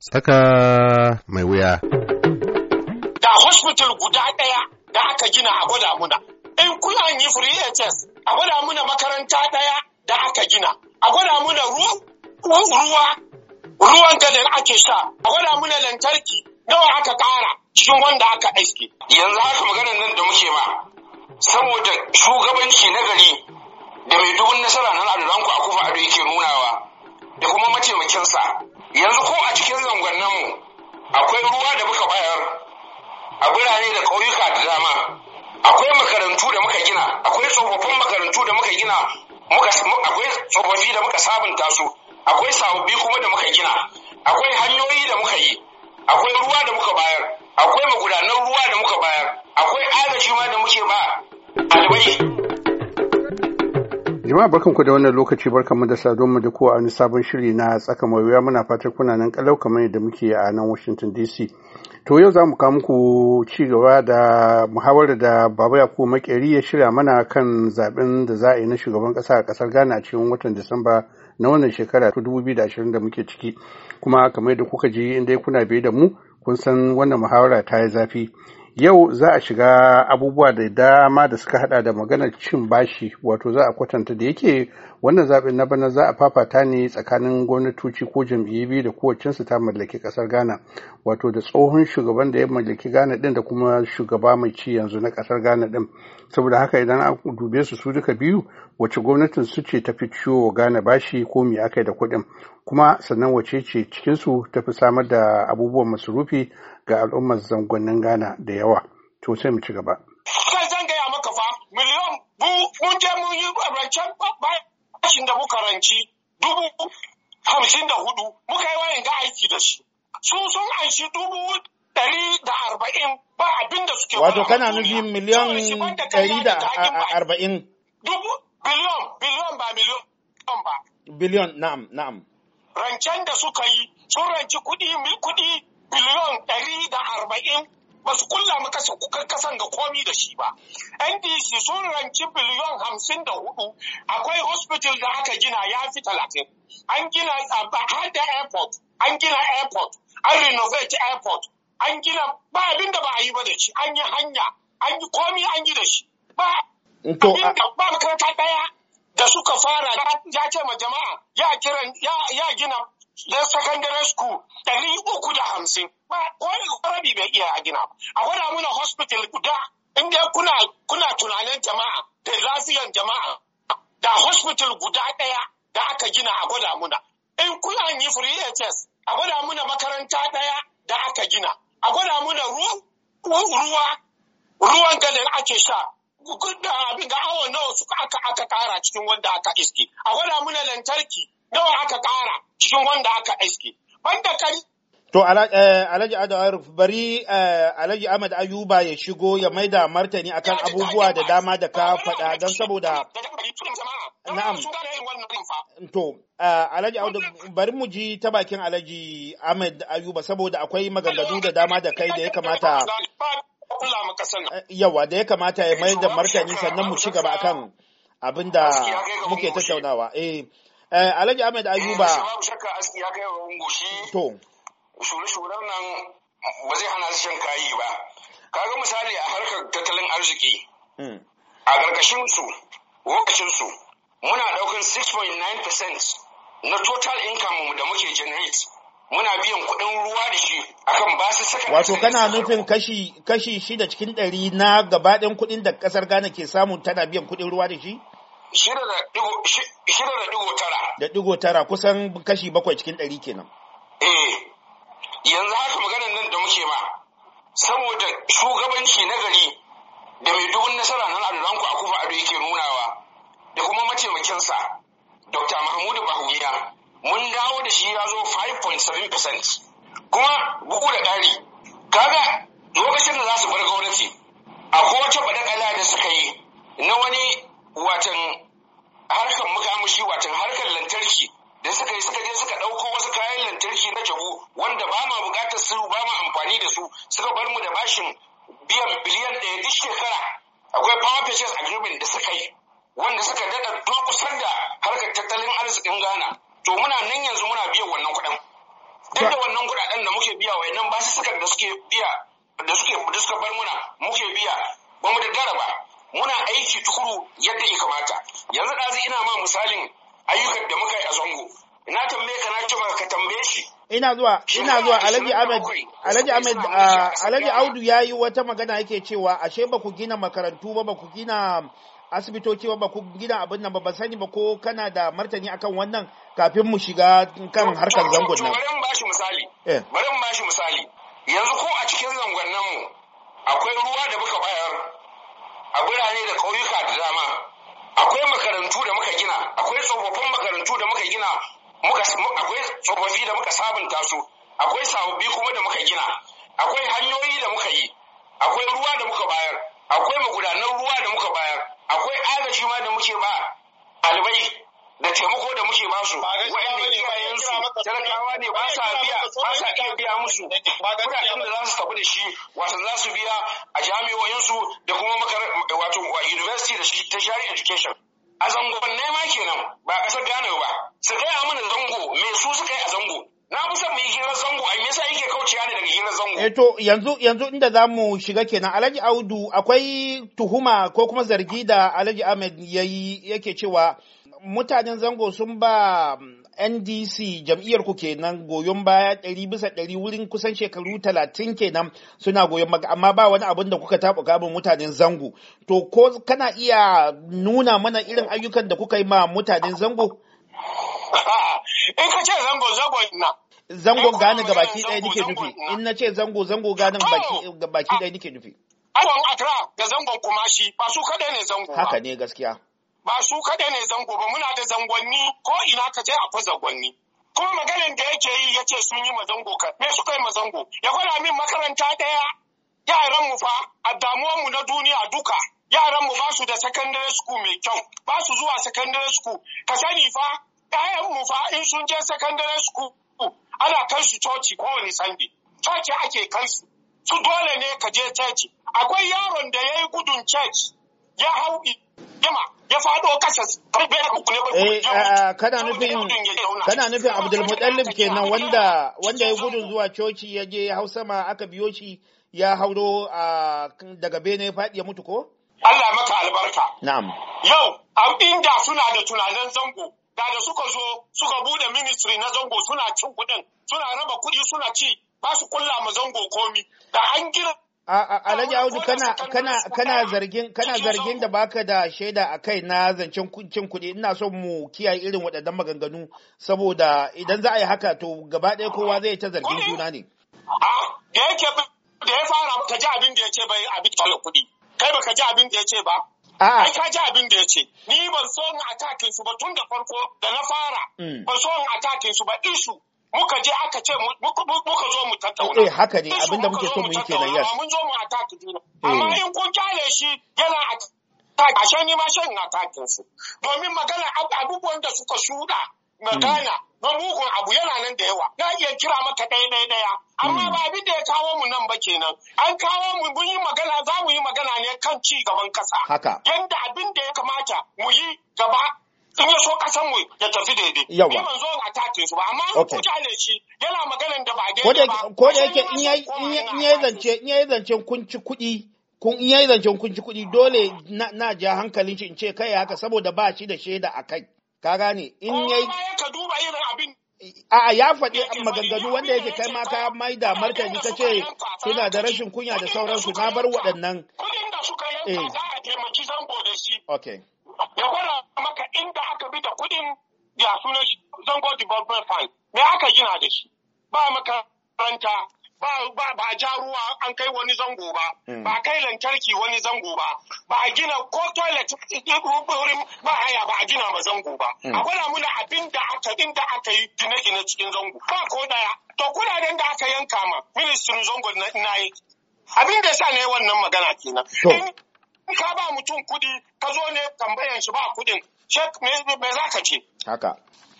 Tsaka mai wuya. Da hospital guda ɗaya da aka gina a gwada muna. In kula yi free HS, a gwada muna makaranta ɗaya da aka gina. A gwada muna ruwa, ruwan gadar ake sha. A gwada muna lantarki nawa aka ƙara cikin wanda aka aiki. Yanzu haka maganar nan da muke ma. Saboda shugabanci na gari da mai dubun nasara na a Akufa Ado yake nunawa da kuma mataimakinsa yanzu ko a cikin zangonninmu akwai ruwa da muka bayar a birane da ƙauyuka da dama akwai makarantu da muka gina akwai tsofaffin makarantu da muka gina akwai tsofaffi da muka sabunta su akwai sababbi kuma da muka gina akwai hanyoyi da muka yi akwai ruwa da muka bayar akwai magudanan ruwa da muka bayar akwai agaji ma da muke ba ɗalibai Jama'a ku da wannan lokaci barkanmu da sadonmu da kowa wani sabon shiri na tsaka mawuya muna fatar kuna nan kalau kamar yadda muke a nan Washington DC. To yau za mu kawo muku ci gaba da muhawarar da Baba Yakubu Makeri ya shirya mana kan zaben da za a yi na shugaban kasa a kasar Ghana a cikin watan Disamba na wannan shekara ta 2020 da muke ciki. Kuma kamar yadda kuka ji inda kuna biye da mu kun san wannan muhawara ta yi zafi yau za a shiga abubuwa da dama da suka hada da maganar cin bashi wato za a kwatanta da yake wannan zaɓen na bana za a fafata ne tsakanin gwamnatoci ko jam'iyyu biyu da kowacensu ta mallaki ƙasar ghana wato da tsohon shugaban da ya mallaki ghana ɗin da kuma shugaba mai ci yanzu na ƙasar ghana ɗin, saboda haka idan a dube su su duka biyu wace gwamnatin su ce ta fi ciwo ghana bashi ko me aka yi da kuɗin kuma sannan wace ce cikinsu ta fi samar da abubuwan masurufi ga al'ummar zangonin Ghana da yawa. To sai mu ci gaba. Kai zan gaya maka fa miliyan mun je mun yi rancen bashin da muka ranci dubu hamsin da hudu muka yi wayan ga aiki da shi. Su sun anshi dubu ɗari da arba'in ba abin da suke Wato kana nufin miliyan ɗari da arba'in. Dubu biliyon biliyon ba miliyon ba. Biliyon na'am na'am. rancen da suka yi sun ranci kuɗi kuɗi biliyon ɗari da arba'in ba su kulla maka kukar kasan ga komi da shi ba. NDC sun ranci biliyon hamsin da hudu akwai hospital da aka gina ya fi talatin. An gina har da airport, an gina airport, an renovate airport, an gina ba abin da ba a yi ba da shi, an yi hanya, an yi komi an yi da shi. Ba abin da ba makaranta ɗaya da suka fara ya ce ma jama'a ya kiran ya gina da secondary school ɗari uku da hamsin ba ko rabi bai iya gina a gwada muna hospital guda in dai kuna tunanin jama'a da lafiyan jama'a da hospital guda ɗaya da aka gina a gwada muna in kuna yi free hs a gwada muna makaranta ɗaya da aka gina a gwada muna ruwa ruwan ganin ake sha da abin ga awa nawa suka aka aka kara cikin wanda aka iske a gwada muna lantarki nawa aka kara cikin wanda aka iske banda kari To eh, Alhaji Ado bari eh, Alhaji Ahmad Ayuba ya shigo ya maida martani akan abubuwa da dama da ka faɗa don saboda Na'am. To eh, Alhaji Audu bari mu ji ta bakin Alhaji Ahmad Ayuba saboda akwai maganganu da dama da kai da ya kamata kula ma kasan nan eh, yawa da ya kamata ya mai da martani sannan mu ci gaba akan abin da muke tattaunawa eh, eh Alhaji Ahmed Ayuba eh, babu shakka aski ya kai wa to shure-shuren nan ba zai hana su shan kayi ba kaga misali a harkar tattalin arziki hmm. a ƙarƙashin su lokacin su muna ɗaukar 6.9% na total income da muke generate muna biyan kuɗin ruwa da shi akan ba su saka wato kana nufin kashi kashi shida cikin ɗari na gabaɗin kuɗin da ƙasar Ghana ke samu tana biyan kuɗin ruwa da shi shida da digo tara da digo tara kusan kashi bakwai cikin ɗari kenan eh yanzu haka maganar nan da muke ma saboda shugabanci na gari da mai dubun nasara nan a kufa Ado yake nunawa da kuma mataimakinsa Dr. Mahmudu Bahumiya mun dawo da shi ya zo 5.7% kuma bugu da ƙari kaga lokacin da za su bar gwamnati akwai wata badakala da suka yi na wani watan harkar mukamushi watan harkar lantarki da suka yi suka je suka ɗauko wasu kayan lantarki na jabu wanda ba ma buƙatar su ba ma amfani da su suka bar mu da bashin biyan biliyan ɗaya duk shekara akwai power purchase agreement da suka yi wanda suka daɗa durƙusar da harkar tattalin arzikin Ghana to muna nan yanzu muna biyan wannan kuɗin duk da wannan kuɗaɗen da muke biya wayannan ba su suka da suke biya da suke da suka bar muna muke biya ba mu da ba muna aiki tukuru yadda ya kamata yanzu ɗazu ina ma misalin ayyukan da muka yi a zango na tambaye ka na ce ma ka tambaye shi ina zuwa ina zuwa Alhaji Ahmed Alhaji Ahmed Alhaji Audu yayi wata magana yake cewa ashe ba ku gina makarantu ba ba ku gina asibitoci ba ku gina abin nan ba ba sani ba ko kana da martani akan wannan kafin mu shiga kan harkar zangon nan. Bari mu bashi misali. Eh. Bari mu bashi misali. Yanzu ko a cikin zangon nan mu akwai ruwa da muka bayar a birane da ƙauyuka da dama. Akwai makarantu da muka gina, akwai tsofaffin makarantu da muka gina, akwai tsofaffi da muka sabunta su, akwai sababbi kuma da muka gina, akwai hanyoyi da muka yi, akwai ruwa da muka bayar, akwai magudanan ruwa da muka bayar, akwai agaji ma da muke ba ɗalibai da taimako da muke ba basu waɗanda iyayen su talakawa ne ba sa biya ba sa iya biya musu kuɗaɗen da za su tafi da shi wato za su biya a jami'o'in su da kuma wato university da shi ta shari education a zango ne ma kenan ba kasar ƙasar ba su gaya mana zango me su suka yi a zango Na fi son mu yi hirar zango, a yasa yake kaucewa ne daga hirar zango. Eh yanzu yanzu inda za mu shiga kenan Alhaji Audu akwai tuhuma ko kuma zargi da Alhaji Ahmed yayi yake cewa mutanen zango sun ba um, NDC jam'iyyar ku kenan goyon baya ɗari bisa ɗari wurin kusan shekaru talatin kenan suna goyon maka amma ba wani abin da kuka taɓa gabin mutanen zango to ko kana iya nuna mana irin ayyukan da kuka yi ma mutanen zango? In ka ce zango zango ina. Zango gane ga baki ɗaya nike nufi. In na ce zango zango ganin ga baki ɗaya nike nufi. Awon Accra da zangon Kumashi ba su kaɗai ne zango ba. Haka ne gaskiya. Ba su kaɗai ne zango ba muna da zangonni ko ina ka je akwai zangonni. Kuma maganin da yake yi ya ce sun yi mazango ka. Me suka yi mazango? Ya gwada min makaranta ɗaya yaran mu fa a damuwar mu na duniya duka. Yaran mu ba su da secondary school mai kyau. Ba su zuwa secondary school. Ka sani fa mu fa in sun je secondary school ana kai su coci kowane sande coci ake kai su su dole ne ka je coci akwai yaron da ya yi gudun coci ya hau yama ya fado eh, eh, kasa kana nufin kana nufin Abdulmutallib kenan wanda wanda ya gudun zuwa coci ya je ya hau sama aka biyo shi ya hauro daga bene ya faɗi ya mutu ko? Allah maka albarka. Na'am. Yau, inda suna da tunanin zango, da da suka zo suka bude ministry na zango suna cin kuɗin suna raba kuɗi suna ci ba su kulla ma zango komi da an gina Alhaji Audu kana kana kana zargin kana zargin da baka da shaida a kai na zancen cin kuɗi ina son mu kiyaye irin waɗannan maganganu saboda idan za a yi haka to gaba ɗaya kowa zai ta zargin juna ne. Da yake da ya fara ka ji abin da ya ce bai abin kuɗi kai baka ji abin da ya ce ba Ai ka ji abin da ya ce, ni ban so in atakin su ba tun da farko da na fara, mm. ban so in atakin su ba isu muka je aka ce muka zo mu tattauna. Eh haka ne abinda muke so mu yi kenan yas. Mun zo mu ataki juna. Eh. Amma in kun kyale shi yana ataki, ashe ni ma shan atakin su. Domin magana abubuwan da suka shuda magana na mugun abu yana nan da yawa na iya kira mata ɗaya ɗaya ɗaya amma hmm. ba abin da ya kawo mu nan ba kenan an kawo mu mun yi magana za mu yi magana ne kan ci gaban kasa haka yanda abin da ya kamata mu yi gaba in ya so kasan mu ya tafi daidai yawa ban zo a tace su ba amma ku jale shi yana maganan da ba daidai ba ko da yake in yayi zance in yayi zance kun ci kuɗi kun iya zancen kun ci kuɗi dole na ja hankalin shi in ce kai haka saboda ba shi da shaida a kai ka gane in yayi ka duba irin a'a ya faɗi maganganu wanda yake kai ma ka mai da martani ka ce suna da rashin kunya da sauransu na bar waɗannan Kudin da suka yanka za a taimaki zango da shi okay ya gwada maka inda aka bi da kudin ya sunan shi zango development fund me aka gina da shi ba makaranta ba ba ba ja ruwa an kai wani zango ba hmm. ba kai lantarki wani zango ba ba gina ko toilet wurin ba haya ba a gina ba zango ba hmm. a gwada muna abinda aka inda aka yi gine-gine cikin zango ba ko daya to kudaden da aka yanka ma ministrin zango na yi abinda sa ne wannan magana kenan in ka ba mutum kudi ka zo ne tambayan shi ba kudin me za ka ce haka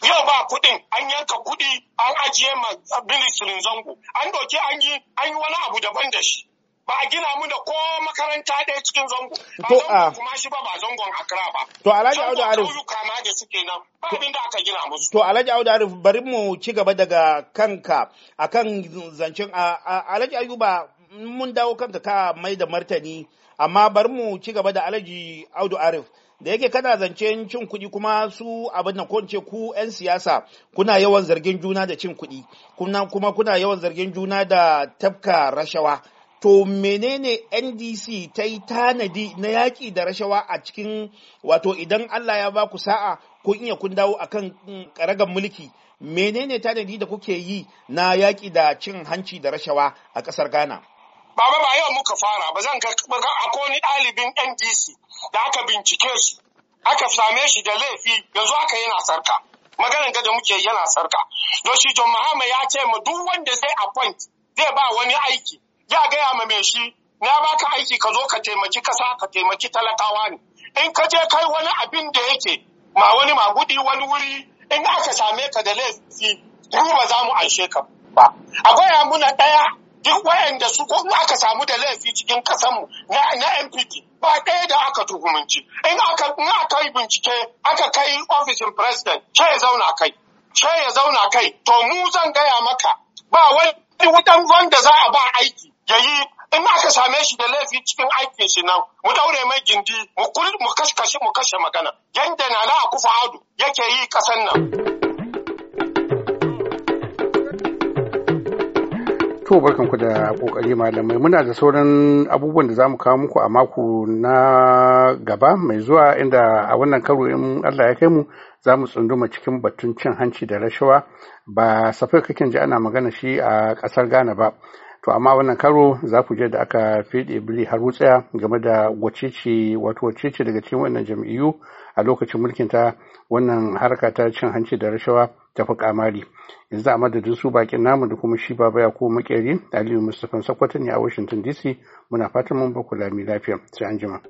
yau ba kuɗin an yanka kuɗi an ajiye ma ministrin zango an ɗauki an yi wani abu daban da shi ba a gina mu da ko makaranta ɗaya cikin zango ba zango ah. kuma shi ba ba zangon akra ba to alhaji audu arif zango ma da suke nan ba abin da aka gina musu to alhaji audu arif bari mu ci gaba daga kanka akan zancen alhaji ayuba mun dawo kanka ka mai da martani amma bari mu ci gaba da alhaji audu arif da yake kana zance cin kuɗi kuma su abin da kwance ku 'yan siyasa kuna yawan zargin juna da cin kuɗi kuma kuna yawan zargin juna da tafka rashawa to menene ndc ta yi tanadi na yaƙi da rashawa a cikin wato idan allah ya ba ku sa'a ko iya kun dawo a kan karagar mm, mulki menene tanadi da kuke yi na yaƙi da cin hanci da rashawa a ƙasar ghana Baba ba yau muka fara ba zan ga akoni ɗalibin NDC da aka bincike su aka same shi da laifi yanzu aka yana sarka. Maganin da muke yana sarka. Don shi John Mahama ya ce mu duk wanda zai appoint zai ba wani aiki ya gaya ma mai shi na baka aiki ka zo ka taimaki kasa ka taimaki talakawa ne. In ka je kai wani abin da yake ma wani magudi wani wuri in aka same ka da laifi duba za mu aishe ka ba. Akwai muna ɗaya duk waɗanda su ko aka samu da laifi cikin mu na na NPP ba ɗaya da aka tuhumanci in aka in aka yi bincike aka kai ofishin president ce ya zauna kai ce ya zauna kai to mu zan gaya maka ba wani wutan wanda za a ba aiki yayi in aka same shi da laifi cikin aikin shi nan mu daure mai gindi mu kashe mu kashe magana yanda Nana na kufa yake yi kasan nan To ku da kokari malamai muna da sauran abubuwan da zamu kawo muku a mako na gaba mai zuwa inda a wannan karo in Allah ya kai mu za mu tsunduma cikin batun cin hanci da rashawa ba safai kakin ji ana magana shi a kasar Ghana ba. To amma wannan karo za ku je da aka fiɗe bili har wutsaya game da wacece wato wacece daga cikin wannan jam'iyyu a lokacin mulkin ta wannan harka ta cin hanci da rashawa tafi kamari yanzu a madadin su bakin namu da kuma shi baba ya ko makeri aliyu mustapha sakwatin ne a washington dc muna fatan mun ba ku lami lafiya sai anjima.